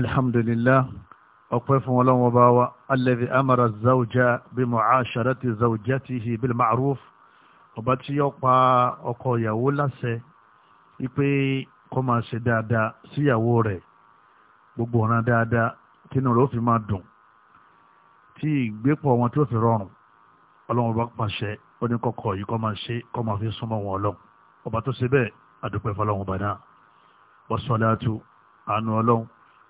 alhamdulillah ọpẹ́ fún ọlọ́run ọba wa alladhi amara zawja bi mu'asharati zawjatihi bil ma'ruf ọba tí yọ pa ọkọ ìyàwó láṣẹ wípé kó máa ṣe dáadáa síyàwó rẹ̀ gbogbo ọ̀nà dáadáa kí inú rẹ̀ ó fi máa dùn tí ìgbépọ̀ wọn tó fi rọrùn ọlọ́run ọba pàṣẹ ó ní kọ́kọ́ yìí kó máa ṣe kó máa fi súnmọ́ wọn ọlọ́run ọba tó ṣe bẹ́ẹ̀ adúpẹ́ fọlọ́run ọba náà wassalatu àánú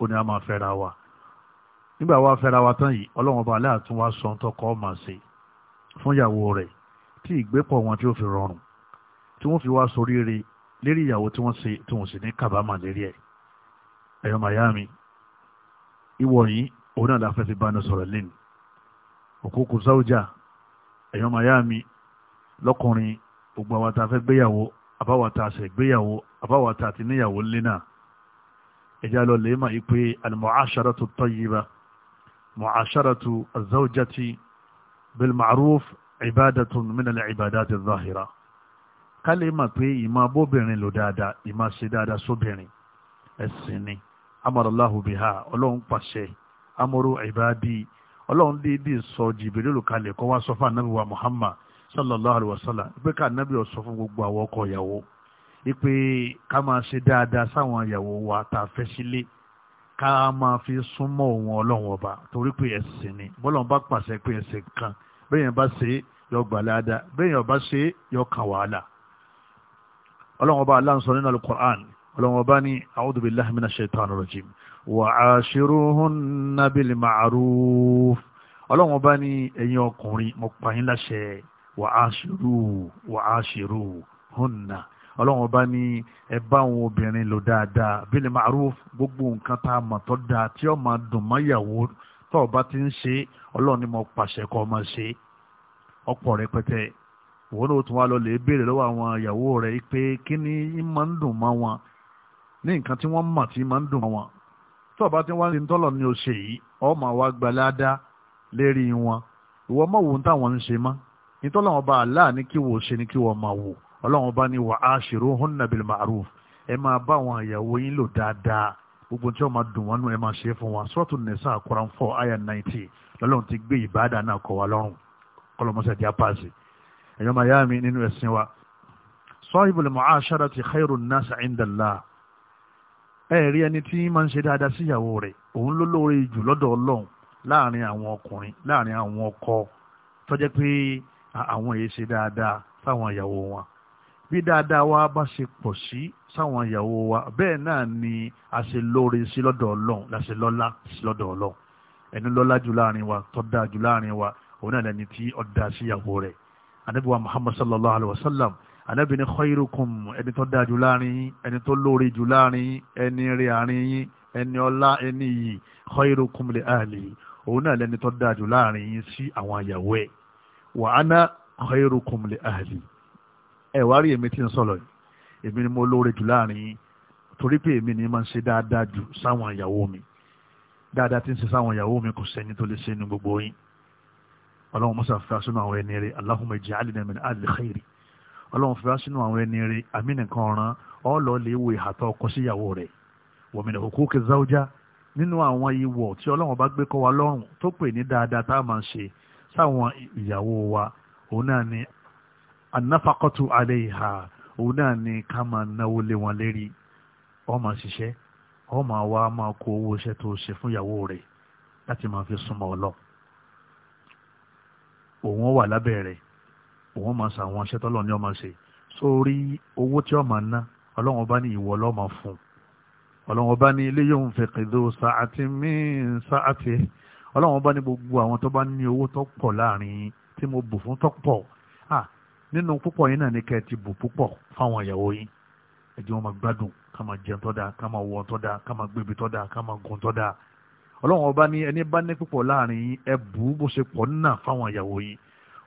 ó ní a máa fẹ́ra wa nígbà wa fẹ́ra wa tán yìí ọlọ́run ọba aláà tún wá sọ tọkọ ọmọ ṣe fún ìyàwó rẹ̀ tí ìgbépọ̀ wọn tí ó fi rọrùn tí wọ́n fi wá soríire lérí ìyàwó tí wọ́n ṣe tí wọ́n sì ní kábàámà lérí ẹ̀ ẹ̀yọ́ miami ìwọ yìí òun náà láfẹ́ fi bánu sọ̀rọ̀ lẹ́nu òkúkú sáújà ẹ̀yọ́ miami lọ́kùnrin gbogbo àwọn tá a fẹ́ gbéyàwó àbáwọ̀ tá a ṣe gbéyàwó àbáwọ̀ tá a ti níyàwó ńlẹ́ ẹjá lọ lè mọ̀ ìpè al-mu'asharatu tayyiba mu'asharatu az-zawjati bil-ma'ruf ibadatun min al-ibadati adh-dhahira ká lè mọ̀ pé ìmọ̀ abóbìnrin lò dáadáa ìmọ̀ ṣe dáadáa sóbìnrin ẹ̀sìn ni amọ̀rọ̀láhù biha ọlọ́run pàṣẹ amọ̀rọ̀ ìbáàdì ọlọ́run déédéé sọ jìbìrìlù kalẹ̀ kọ́ wá sọ fún anábìwá Muhammad sallallahu alayhi wa sallam pé ká anábìwá sọ fún gbogbo àwọn ọkọ ìyàwó wípé ká máa ṣe dáadáa sáwọn ìyàwó wa tá a fẹ́ sílé ká máa fi súnmọ́ òun ọlọ́run ọba torí pé ẹ̀sìn ni bọ́lọ́run bá pàṣẹ pé ẹ̀sìn kan bẹ́ẹ̀ yẹn bá ṣe yọ gbàláàdá bẹ́ẹ̀ yẹn bá ṣe yọ kàn wàhálà ọlọ́run ọba aláǹsọ nínú alukur'an ọlọ́run ọba ní a'udhu billahi minash shaitanir rajim wa 'ashiruhunna bil ma'ruf ọlọ́run ọba ní ẹ̀yin ọkùnrin mo pa yín láṣẹ wa 'ashiru wa 'ashiruhunna ọlọ́run bá ní ẹbá àwọn obìnrin lò dáadáa bílẹ̀ ma'ruf gbogbo nǹkan tá a mọ̀ tọ́ dáa tí ó máa dùn mọ́ ìyàwó tó o ti ń ṣe ọlọ́run ni mo pàṣẹ kọ́ ọ máa ṣe ọ̀pọ̀ rẹpẹtẹ òun tún wá lọ lè béèrè lọ́wọ́ àwọn ìyàwó rẹ̀ dùn mọ́ wọn ní nǹkan tí wọ́n mọ̀ tí máa dùn mọ́ o wò ń táwọn ń ṣe mọ́ àlá ní kí wò ṣe ọlọ́run bá ní wà á ṣèrò hunna bil ma'ruf ẹ máa bá àwọn àyàwó yín lò dáadáa gbogbo tí wọ́n máa dùn wọ́n nù ẹ máa ṣe é fún wa sọ́ọ̀tù nìsa Quran four aya ninety lọ́lọ́run ti gbé ìbáàdà náà kọ́ wa lọ́rùn kọ́lọ́mọ́sẹ̀ díà paasi ẹ̀yọ́ máa yá mi nínú ẹ̀sìn wa sahibul mu'asharati khairun nas inda Allah ẹ rí ẹni tí máa ń ṣe dáadáa síyàwó rẹ̀ òun ló lóore jù lọ́dọ̀ ọlọ́run láàrin àwọn ọkùnrin láàrin àwọn ọkọ tó pé àwọn èyí ṣe dáadáa fáwọn ìyàwó wọn bí dáadáa wa bá ṣe pọ̀ sí sáwọn ìyàwó wa bẹ́ẹ̀ náà ni a ṣe lóore sí lọ́dọ̀ ọlọ́run la ṣe lọ́lá sí lọ́dọ̀ ọlọ́run ẹni lọ́lá jù láàrin wa tó dáa jù láàrin wa òun náà lẹni tí ó dáa sí ìyàwó rẹ̀ anabi wa muhammad sallallahu alayhi wa sallam anabi ni khairukum ẹni tó dáa jù láàrin ẹni tó lóore jù láàrin ẹni rẹ̀ àárín yín ẹni ọlá ẹni yìí khairukum li ahli òun náà lẹni tó dáa jù láàrin yín sí àwọn ìyàwó ẹ̀ wa ana khairukum li ẹ wá rí èmi tí ń sọ̀rọ̀ yìí èmi ni mo lóore jù láàrin yín torí pé èmi ni máa ń ṣe dáadáa jù sáwọn ìyàwó mi dáadáa tí ń ṣe sáwọn ìyàwó mi kò sẹ́ni tó lè ṣe ní gbogbo yín ọlọ́run mọ́sá fi aṣọ́nà àwọn ẹni rẹ̀ Allahumma ij'alna min ahli khairi ọlọ́run fi aṣọ́nà àwọn ẹni rẹ̀ àmì ọ̀ràn ọ̀lọ́ lè wo ìhàtọ̀ ọkọ síyàwó rẹ̀ wa min huquqi zawja nínú àwọn ìwọ̀ tí ọlọ́run bá gbé kọ́ wa lọ́rùn tó pè ní dáadáa tá a máa ṣe sáwọn ìyàwó wa òun náà ni anáfàkọ́tù àléhà òun náà ni ká máa náwó lé wọn lérí ó máa ṣiṣẹ́ ó máa wá máa kó owó iṣẹ́ tó ṣe fún ìyàwó rẹ̀ láti máa fi súnmọ́ ọ lọ òun wà lábẹ́ rẹ̀ òun máa ṣàwọn iṣẹ́ tọ́lọ́ ni ó máa ṣe sórí owó tí ó máa ná ọlọ́run bá ní ìwọ ọlọ́mọ fún ọlọ́run bá ní ilé yóò ń fẹ́ kẹ̀dọ́ sàátì míín sàátì ọlọ́run bá ní gbogbo àwọn tó bá ní owó tó pọ̀ láàrin tí mo bù fún tó pọ̀ nínú púpọ̀ yín náà ní kẹ́ ẹ ti bù púpọ̀ fáwọn ìyàwó yín ẹ jẹ́ wọn máa gbádùn ká máa jẹun tó dáa ká máa wọ tó dáa ká máa gbébi tó dáa ká máa gùn tó dáa ọlọ́run ọba ní ẹni bá ní púpọ̀ láàrin yín ẹ bù bó ṣe pọ̀ nínà fáwọn ìyàwó yín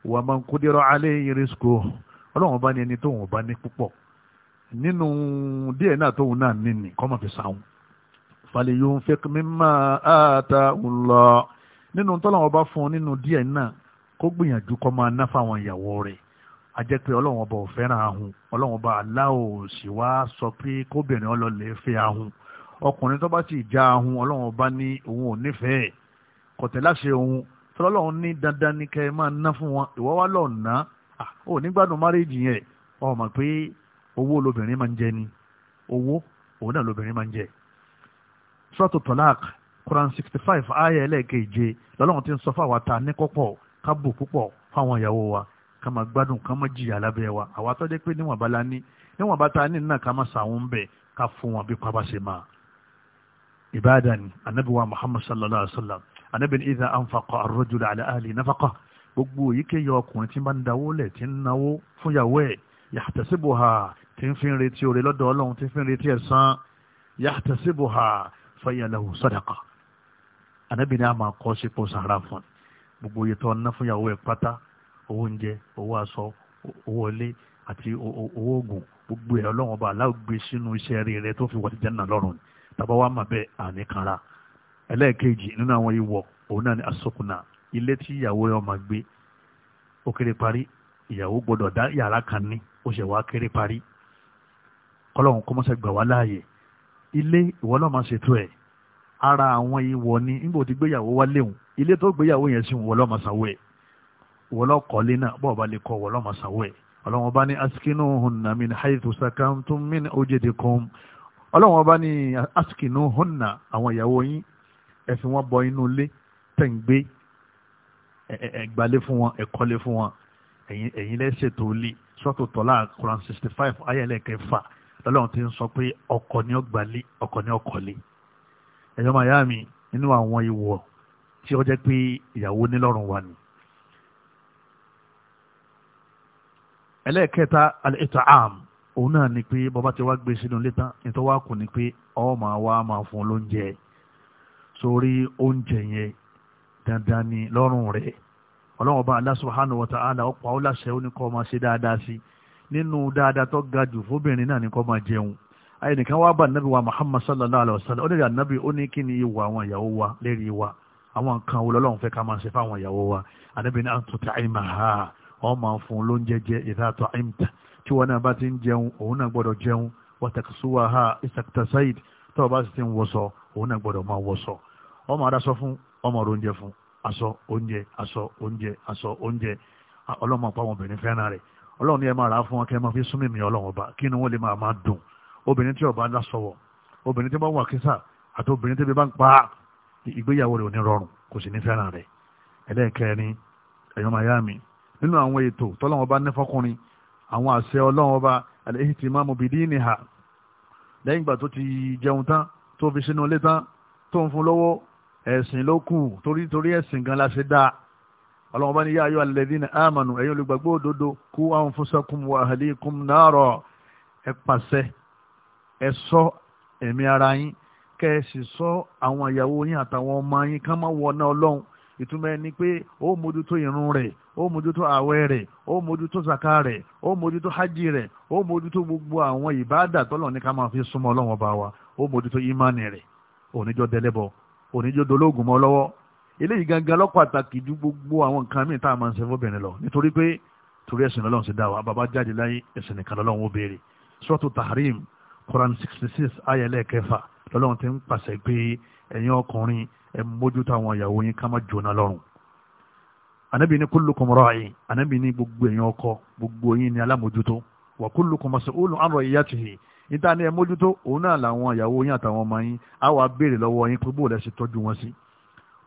wà máa ń kó dérò alẹ́ irisco ọlọ́run ọba ní ẹni tóun ọba ní púpọ̀ nínú díẹ̀ náà tóun náà nìní kọ́ máa fi sáwọn falẹ̀ yóò fẹ́ mímọ́ àtà ńlọ a jẹ́ pé ọlọ́run ọba ò fẹ́ràn ahun ọlọ́run ọba aláwo sì wá sọ pé kóbìnrin ọlọ́lẹ̀ fẹ́ ahun ọkùnrin tó bá sì já ahun ọlọ́run ọba ní òun ò nífẹ̀ẹ́ kọ̀tẹ́láṣẹ òun tọ́lọ́run ní dandan ní kẹ́ ẹ máa ná fún wọn ìwọ́ wá lọ́ọ̀ ná nígbàdùn márèèjì yẹn ọ pé owó lobìnrin máa ń jẹ ni owó òun náà lobìnrin máa ń jẹ sọ́ọ̀tù tọ́lák Quran sixty five ayé ẹlẹ́ẹ̀keje lọ́lọ́run ti ń sọ fáwọn ta ní kọ́pọ̀ ká bù fáwọn ìyàwó wa ká máa gbádùn ká máa jìyà lábẹ́ wa àwa tó dé pé níwọ̀n bá la ní níwọ̀n bá ta ní náà ká máa sàwọn bẹ̀ ká fún wọn bí pápá ṣe máa. ìbáàdàn anabi wa muhammad sallallahu alayhi wa sallam anabi ní idha anfaqa ar-rajulu ala ahli nafaqa gbogbo èyíkéyìí ọkùnrin tí bá ń dawó lẹ̀ tí ń náwó fúnyàwó ẹ̀ yahtasibuha tí ń fi retí oore lọ́dọ̀ ọlọ́run tí ń fi ń retí ẹ̀san yahtasibuha fayalahu sadaqa anabi ní a máa kọ́ sípò sàrà fún gbogbo iye tó ń ná fúnyàwó ẹ̀ pátá owó oúnjẹ owó aṣọ owó ilé àti owó oògùn gbogbo ẹ̀ ọlọ́run ọba aláwọ̀ gbé sínú iṣẹ́ rí rẹ tó fi wà sí jẹ́nà lọ́rùn ni tàbá wa mà bẹ́ẹ̀ àní kanra ẹlẹ́ẹ̀kejì nínú àwọn ìwọ̀ òun náà ni asokùnà ilé tí ìyàwó ọmọ gbé ó kéré parí ìyàwó gbọ́dọ̀ dá yàrá kan ní ó ṣe wá kéré parí kọ́lọ́hún mọ́sẹ̀ gbà wá láàyè ilé ìwọ náà máa ṣètò ẹ̀ ara àwọn ìwọ̀ ni nígbà tí gbéyàwó wá léwu ilé tó gbéyàwó yẹn sì wọ́n wọlọ́kọ̀ọ́lé náà bọ́ọ̀ bá lè kọ́ wọlọ́mọ̀sáwọ́ ẹ̀ ọlọ́wọ́n bá ní askinuhunna min haythu sakantum min ojedikum ọlọ́wọ́n bá ní askinuhunna àwọn ìyàwó yín ẹ fi wọ́n bọ inú ilé tẹ̀ ń gbé ẹ̀gbálé fún wọn ẹ̀kọ́lé fún wọn ẹ̀yin lẹ́sẹ̀ tó lé sọ́tò tọ́lá Quran sixty five ayẹlẹ́ kẹfà ti ń sọ pé ọkọ ni ọgbàlé ọkọ ni ọkọ̀lé ẹ̀yọ́ màyá nínú àwọn ìwọ̀ tí ó jẹ́ pé ìyàwó nílọ́rùn wa ni ẹlẹ́ẹ̀kẹta al-it'am òun náà ni pé bàbá ti wá gbé sínú ilé tán nítorí wá kù ni pé ọ máa wá máa fún lóúnjẹ sórí oúnjẹ yẹn dandan ni lọ́rùn rẹ̀ ọlọ́run ọba Allah subhanahu wa ta'ala ọ̀pọ̀ àwọn láṣẹ máa ṣe dáadáa sí nínú dáadáa tó ga jù fóbìnrin náà ni kó máa jẹun ayé nìkan wá bá nàbí wa Muhammad sallallahu alayhi wa sallam ó lè rà nàbí ó ní kí ni ìwà àwọn ìyàwó wa lérí wa àwọn nǹkan wo lọ́lọ́run fẹ́ ká máa ṣe fáwọn ìyàwó wa ànábì ní àtúntà ìmàhà ọ máa fún lóúnjẹ jẹ ìdáàtọ̀ àìmta tí kiwa náà bá ti ń jẹun òun náà gbọ́dọ̀ jẹun wàtàkùsùwà ha ìsàkìtàsáìd tó o bá ti ń wọṣọ òun náà gbọ́dọ̀ máa wọṣọ ọmọ adásọ fún ọmọ oúnjẹ fún aṣọ oúnjẹ asọ oúnjẹ asọ oúnjẹ ọlọ́mọ àpá àwọn obìnrin fẹ́ràn rẹ̀ ọlọ́run ni máa rà á fi súnmí mi ọlọ́run ọba kí lè máa máa dùn obìnrin tí ọba obìnrin tí wà àti obìnrin tí bá ń pa ìgbéyàwó ò ní rọrùn kò nínú àwọn ètò tọ́lọ́wọ́n bá ní fọkùnrin àwọn àṣẹ ọlọ́wọ́n bá al-ihtimamu bidiniha lẹ́yìn ìgbà tó ti jẹun tán tó fi sínú ilé tán tó ń fún lọ́wọ́ ẹ̀sìn ló kù torí torí ẹ̀sìn gan la ṣe dá ọlọ́wọ́n bá ní yá ayọ́ alladhina amanu ẹ̀yin olùgbàgbọ́ òdodo ku anfusakum wa ahlikum nara ẹ pàṣẹ ẹ ṣọ́ ẹ̀mí ara yín kẹ́ ẹ sì ṣọ́ àwọn ìyàwó yín àtàwọn ọmọ yín ká má wọ ọlọ́run ìtumọ̀ ẹni pé ó mójútó ìrun rẹ̀ ó mójútó ààwẹ̀ rẹ̀ ó mójútó sàká rẹ̀ ó mójútó hajj rẹ̀ ó mójútó gbogbo àwọn ìbáàdà tọ́lọ̀ ní ká máa fi súnmọ́ ọlọ́run ọba wa ó mójútó ìmánì rẹ̀ oníjọ́ dẹlẹ́bọ oníjọ́ dológun mọ́ lọ́wọ́ eléyìí gangan ló pàtàkì ju gbogbo àwọn nǹkan míì tá a máa ń ṣe fóbìnrin lọ nítorí pé torí ẹ̀sìn ọlọ́run ti dá wa bàbá jáde láyé ẹ̀sìn nìkan ọlọ́run ó béèrè sọ́tù tahrim Quran sixty six ayẹlẹ́ kẹfà lọ́lọ́run ti ń pàṣẹ pé ẹ̀yin ọkùnrin ẹ mójútó àwọn ìyàwó yín ká má jóná lọ́rùn anabi ni kullukum ra'i anabi ni gbogbo èèyàn ọkọ gbogbo yín ni alámòjútó wa kullukum mas'ulun an ra'iyatihi níta ni ẹ mójútó òun náà làwọn ìyàwó yín àtàwọn ọmọ yín á wàá béèrè lọ́wọ́ yín pé bóòlù ẹ ṣe tọ́jú wọn sí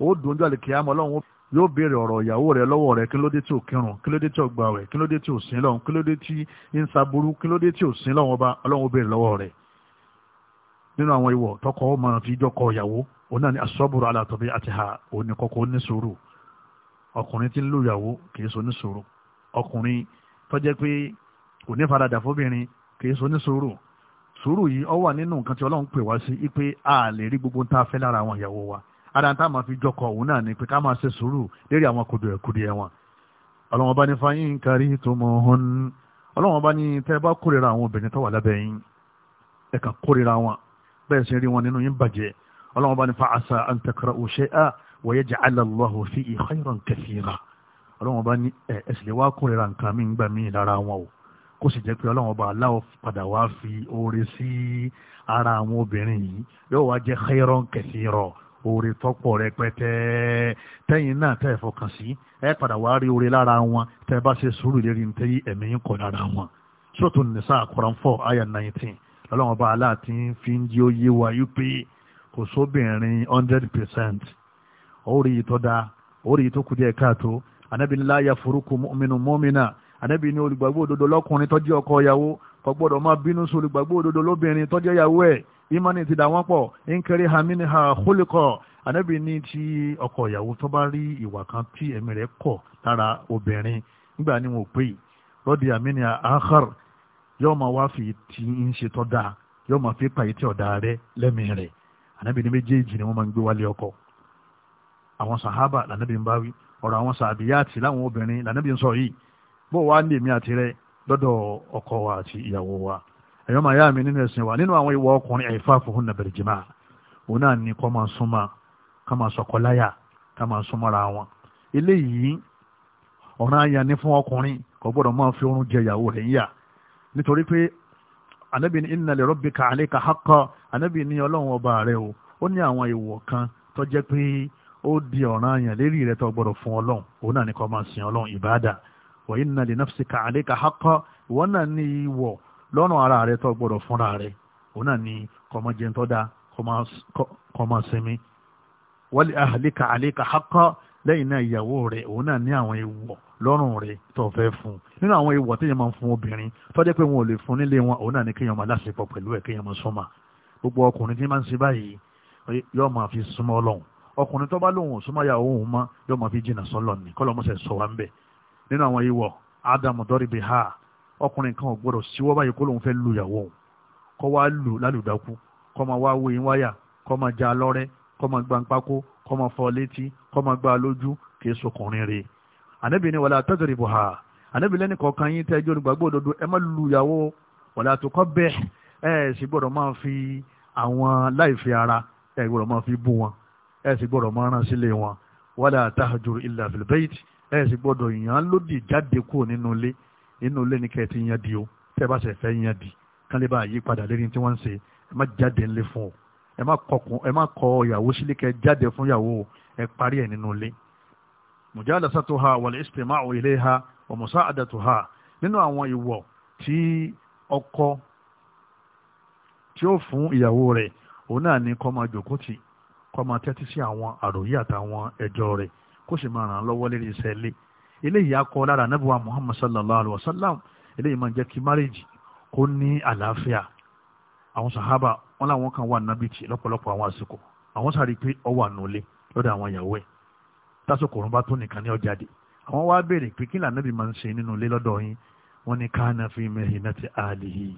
ó dùn ojú àlèkè àmọ́ ọlọ́run yóò béèrè ọ̀rọ̀ ìyàwó rẹ lọ́wọ́ rẹ kí ló dé tí ò kírun kí ló dé tí ò gbààwẹ̀ kí ló dé tí ò sin lọ́hùn kí ló dé tí ń saburú kí ló dé tí ò sin lọ́hùn ọba ọlọ́run ó béèrè lọ́wọ́ nínú àwọn ìwọ̀ tọkọ ọmọ fi jọkọ ìyàwó òun náà ni asọ́bùrù alàtọ̀bí àti ha òun ni ní sùúrù ọkùnrin tí ń lòyàwó kì í so ní sòrò ọkùnrin tó pé kò faradà fóbìnrin kì í so ní sòrò sòrò yìí ó wà nínú nǹkan tí Ọlọ́run pè wá sí pé a lè rí gbogbo tá a fẹ́ lára àwọn ìyàwó wa ara tá a máa fi jọkọ̀ òun náà ni pé ká máa ṣe sòrò lérí àwọn kùdìẹ̀kùdìẹ̀ wọn Ọlọ́run bá ní fáyín kárí tó mọ ọ́n Ọlọ́run bá ní tẹ́ bá kórìíra àwọn obìnrin tó wà lábẹ́ yín ẹ̀ka kórìíra wọn bẹ́ẹ̀ sì rí wọn nínú yín bàjẹ́ Ọlọ́run bá ní fa àṣà an takra'u wa yaj'al Allahu fihi khayran kathira ọlọ́wọ́n bá ní ẹ̀sìlẹ̀ wá kórìíra nǹkan mi ń gbà mí lára wọn o kó sì jẹ́ pé ọlọ́wọ́n bá aláwọ̀ padà wá fi oore sí ara àwọn obìnrin yìí yóò wá jẹ́ khayran kathira oore tọ́pọ̀ rẹpẹtẹ tẹ́yìn náà tẹ́ ẹ̀ fọkàn sí ẹ padà wá rí oore lára wọn tẹ́ bá ṣe sùúrù lérí ní tẹ́yìn ẹ̀mí ń kọ̀ lára wọn. sọ́tún nìsa Quran 4 aya ọlọ́wọ́n bá aláàtí fi ń jí ó wa yí pé kò sóbìnrin 100 percent orí yìí tó dáa orí yìí tó kù laaya ńlá ya forúkú mọ́mìnú mọ́mìnà anábì ní olùgbàgbọ́ òdodo lọ́kùnrin tó ọkọ ìyàwó kò gbọ́dọ̀ máa bínú sí olùgbàgbọ́ òdodo lóbìnrin tó jẹ́ ìyàwó ẹ̀ ìmọ̀ni ti dà wọ́n pọ̀ nkiri hamini ha kólikọ̀ anábì ní ti ọkọ ìyàwó tó bá rí ìwà kan tí ẹ̀mí rẹ̀ kọ̀ lára obìnrin nígbà ni pè lọ́dí ti ń ni ọkọ àwọn sàhábà lànàbí ń báwí ọ̀rọ̀ àwọn sàbíyàtì láwọn obìnrin lànàbí ń sọ yìí bó wàá ní èmi àti rẹ lọ́dọ̀ ọkọ wa àti ìyàwó wa ẹ̀yọ́ màá yá mi nínú ẹ̀sìn wa nínú àwọn ìwọ ọkùnrin ẹ̀fà fòhún nàbẹ̀rẹ̀ jìmá òun náà ní kọ́ máa súnmọ́ ká máa sọ̀kọ́ láyà ká máa súnmọ́ra wọn eléyìí ọ̀ràn àyà ni fún ọkùnrin kò gbọ́dọ̀ máa fi oorun jẹ ìyàwó rẹ̀ yíyà nítorí pé ànábì ní inna li rabbika alayka haqqa ànábì ní ọlọ́run ọba rẹ̀ o ó ní àwọn ìwọ̀ kan tó jẹ́ pé ó di ọ̀ràn àyàn lérí rẹ̀ tó gbọ́dọ̀ fún ọlọ́run òun náà ní kó máa sìn ọlọ́run ìbáàdà wa inna li nafsika alayka haqqan ìwọ náà ní ìwọ̀ lọ́rùn ara rẹ̀ tó gbọ́dọ̀ fúnra rẹ̀ òun náà ní kó máa jẹun tó dáa kó máa sinmi wa li ahlika alayka haqqan lẹ́yìn náà ìyàwó rẹ̀ òun náà ní àwọn ìwọ̀ lọ́rùn rẹ̀ tó fẹ́ fún nínú àwọn ìwọ̀ téèyàn máa fún obìnrin tó jẹ́ pé wọn ò lè fún nílé wọn òun náà ní kéèyàn máa láṣepọ̀ pẹ̀lú ẹ̀ kéèyàn máa súnmọ́ gbogbo ọkùnrin tí máa ń ṣe báyìí yóò máa fi súnmọ́ ọlọ́run ọkùnrin tó bá lóhùn súnmọ́yà òhun mọ́ yóò máa fi jìnnà sọ́lọ̀ ni kọ́lọ́ mọ́sẹ̀ sọ wá ń bẹ̀ nínú àwọn ìwọ̀ ádámù dọ́rí bi ha ọkùnrin kan ò gbọ́dọ̀ síwọ́ báyìí kó lóun fẹ́ lu ìyàwó òun kọ́ wá lù lálùdákú kọ́ máa wá wéyìn wáyà kọ́ máa ja lọ́rẹ́ kọ́ máa gba pákó kọ́ máa fọ létí kọ́ máa gba lójú kìí sọkùnrin rẹ̀ ànábì ni wàlá tẹ́tẹ̀rì bù ha ànábì lẹ́ni kọ̀ọ̀kan yín tẹ́ ẹjọ́ olùgbàgbọ́ òdodo ẹ má lu ìyàwó wàlá tó kọ́ bẹ́ẹ̀ ẹ sì gbọ́dọ̀ máa fi àwọn láìfi ara ẹ gbọ́dọ̀ máa fi bú wọn ẹ sì gbọ́dọ̀ máa rán sílé wọn wala tahjur illa fil bayt ẹ sì gbọ́dọ̀ yàn lódì jáde kúrò nínú ilé nínú ilé ní kẹ́ ẹ ti yan di o tẹ́ ẹ bá ṣe fẹ́ yan di kán lè bá yí padà lérí tí wọ́n ń ṣe ẹ má jáde ńlé fún o ẹ má kọkùn ẹ má kọ ìyàwó sílé kẹ́ jáde fún ìyàwó o ẹ parí ẹ nínú ilé. mujalasatuha wal istima'u ilayha wa musa'adatuha kó máa tẹ́tí sí àwọn àròyé àtàwọn ẹjọ́ rẹ̀ kó sì máa ràn án lọ́wọ́ lérí iṣẹ́ ilé eléyìí akọ lára anábìwá muhammad sallallahu alayhi wa sallam eléyìí máa ń jẹ́ kí márèèjì kó ní àlàáfíà àwọn sàhábà wọn làwọn kan wà nábìtì lọ́pọ̀lọpọ̀ àwọn àsìkò àwọn sáré pé ọ wà nulẹ̀ lọ́dọ̀ àwọn ìyàwó ẹ̀ tásìkò òrùn bá tó nìkan ní ọjàde àwọn wá béèrè pé kí lànàbì máa ń ṣe nínú ilé lọ́dọ̀ yín wọ́n ní káànáfin mẹ́rin náà ti àlè yìí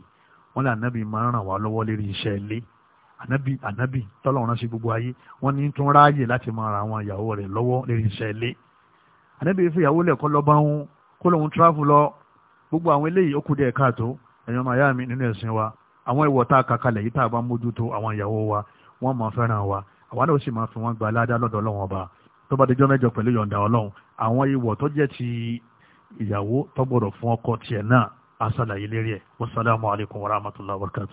wọ́n lànàbì máa ń ràn wá lọ́wọ́ lérí iṣẹ́ ilé Anabi, anabi, tọ́lọ́run rán sí gbogbo ayé wọ́n ní tún ráàyè láti máa ra àwọn ìyàwó rẹ̀ lọ́wọ́ lérí iṣẹ́ ilé ànábì fi ìyàwó lẹ̀ kọ́ lọ́ba ń kó lóun tíráfù lọ gbogbo àwọn eléyìí ó kù díẹ̀ káàtó ẹ̀yàn màyá mi nínú ẹ̀sìn wa àwọn ìwọ̀ tá a kà kalẹ̀ yìí tá a bá mójútó àwọn ìyàwó wa wọ́n máa fẹ́ràn wa àwa náà sì máa fi wọ́n gba aládá lọ́dọ̀ ọlọ́run ọba tó bá dejọ́ mẹ́jọ pẹ̀lú yọ̀ǹda ọlọ́run àwọn ìwọ̀ tó jẹ́ ti ìyàwó tó gbọ́dọ̀ fún ọkọ tiẹ̀ náà asàlàyé lérí ẹ̀ wasalaamu alaykum wa rahmatulah wa barakatuh.